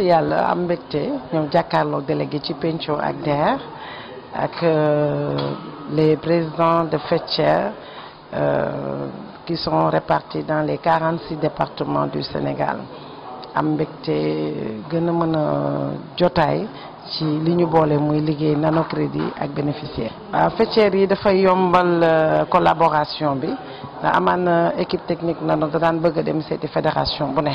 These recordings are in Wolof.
y yalla am mbégte ñëw délégué ci agder ak DER ak euh, les présidents de FETCHER euh, qui sont répartis dans les 46 départements du Sénégal am ci li ñu boole muy liggéey nano crédit ak bénéficiaire. waaw faîtière yi dafay yombal euh, collaboration bi ndax amaan équipe technique nano da daan bëgg a dem seeti fédération bu ne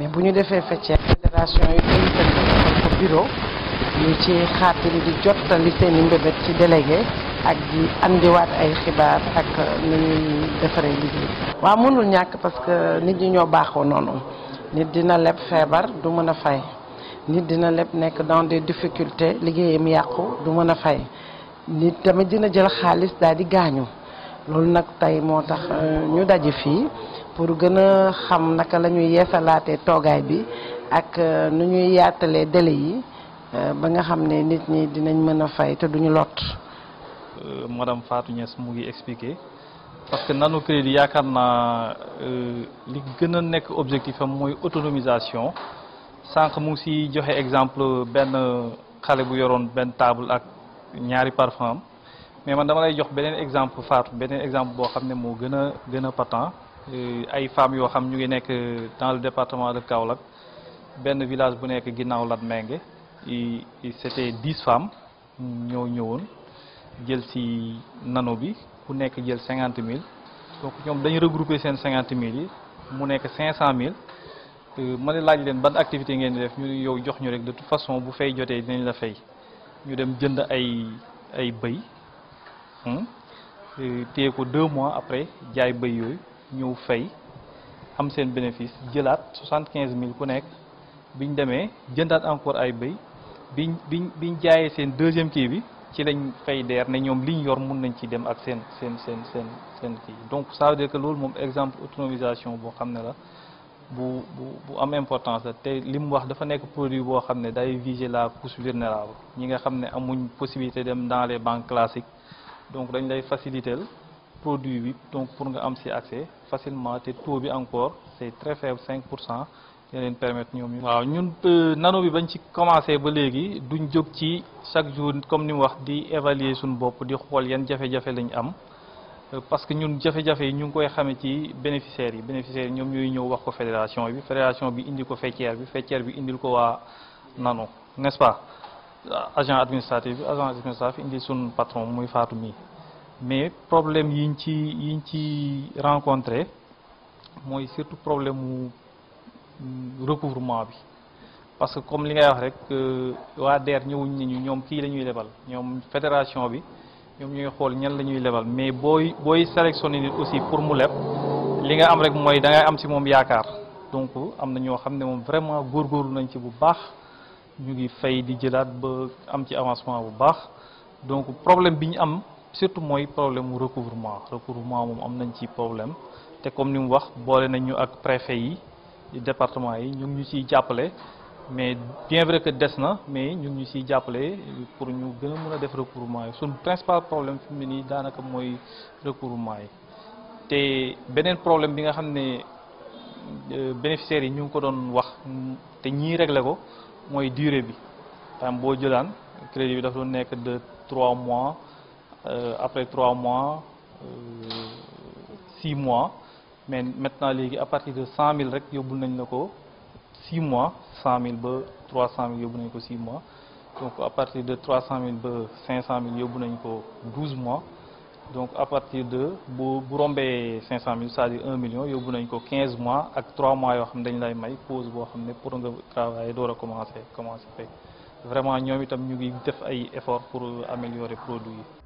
mais bu ñu defee faîtière fédération yi dañu tënk ci xaatim di jottali seen i ci délégué. ak di andiwaat ay xibaar ak euh, ni ñuy defaree liggéey waaw mënul ñàkk parce que nit ñi ñoo baaxoo noonu nit dina leb feebar du mën a fay nit dina leb nekk dans des difficultés liggéeyam yàqu du mën a fay nit tamit dina jël xaalis daal di gaañu loolu nag tey moo tax euh, ñu daje fii pour gën a xam naka la ñuy yeesalaatee toogaay bi ak euh, nu ñuy yaatalee délai yi euh, ba nga xam ne nit ñi dinañ mën a fay te duñu lot. madame Fatou Niass mu ngi expliqué parce que nanu crédit yaakaar naa li gën a nekk objectif am mooy autonomisation. sànq mu si joxe exemple benn xale bu yoroon benn table ak ñaari par am mais man dama lay jox beneen exemple Fatou beneen exemple boo xam ne moo gën a gën a patent euh, ay femmes yoo xam ñu ngi nekk dans le département de Kaolack benn village bu nekk ginnaaw Latmingué c'était dix femmes ñoo ñëwoon jël si nano bi ku nekk jël cinquante mille donc ñoom dañu regrouper seen cinquante mille yi mu nekk cinq cent mille Euh, ma ne laaj leen ban activité ngeen def ñu yow jox ñu rek de toute façon bu fay jotee dinañ la fay ñu dem jënd ay ay bëy hmm? euh, téé ko 2 mois après jaay bëy yooyu ñeu fay am seen bénéfice jëlaat 75000 ku nekk biñ démé jëndaat encore ay bëy biñ biñ biñ jaayee seen deuxième kii bi ci lañ fay deer né ñom liñ yor mun nañ ci dem ak seen seen seen seen seen kii donc ça veut dire que lool mom exemple autonomisation bo xam la bu bu am importance té te wax dafa nek produit bo xamné day viser la couche vulnérable ñi nga xam amuñ possibilité dem dans les banques classiques donc dañ lay faciliter produit bi donc pour nga am ci accès facilement te taux bi encore c'est très faible 5 pour permettre ñoom ñu. waaw ñun euh, nano bi bañ ci commencé ba léegi duñ jóg ci chaque jour comme ni mu wax di évaluer suñu bopp di xool yan jafe-jafe lañ am parce que ñun jafé jafé ñu ngi koy xamé ci bénéficiaires yi bénéficiaires yi ñoom ñëw wax ko fédération bi fédération bi indi ko faîtière bi faîtière bi indil ko wa nano n'est-ce pas agent administratif agent administratif indi sun patron muy Fatou mi mais problème yiñ ci yiñ ci rencontrer moy surtout problème mu recouvrement bi parce que comme li ngay wax rek euh, wa DER ñëwuñ ni ñoom kii la lebal ñom fédération bi ñoom ñooy xool ñan la ñuy lebal mais booy booy sélectionné nit aussi pour mu leb li nga am rek mooy da ngay am ci moom yaakaar donc am na ñoo xam ne moom vraiment góorgóorlu nañ ci bu baax ñu ngi fay di jëlaat ba am ci avancement bu baax donc problème bi ñu am surtout mooy problème mu recouvrement recouvrement moom am nañ ci problème te comme ni mu wax boole nañu ak préfet yi département yi ñu ngi ñu ciy jàppale mais bien vrai que des na mais ñu ngi ñu siy pour ñu gën a mën le def recouvrement yi principal problème fi mu ne nii recouvrement yi te problème bi nga xam ne euh, bénéficiaires yi ñu ngi ko doon wax te ñii réglé ko mooy durée bi par exemple boo crédit bi dafa nekk de 3 mois euh, après 3 mois 6 euh, mois mais maintenant à partir de 100000 rek yóbbul nañ fait. 6 mois 100000 000, 300 000 ko 6 mois donc à partir de 300000 000, 500 000 ko 12 mois donc à partir de bu 000, 500000 c'est-à-dire 1 million yóbbu ko 15 mois ak 3 mois il xam a lay pause pour nga travailler door recommencer. commencer vraiment nous avons fait des efforts pour améliorer le produit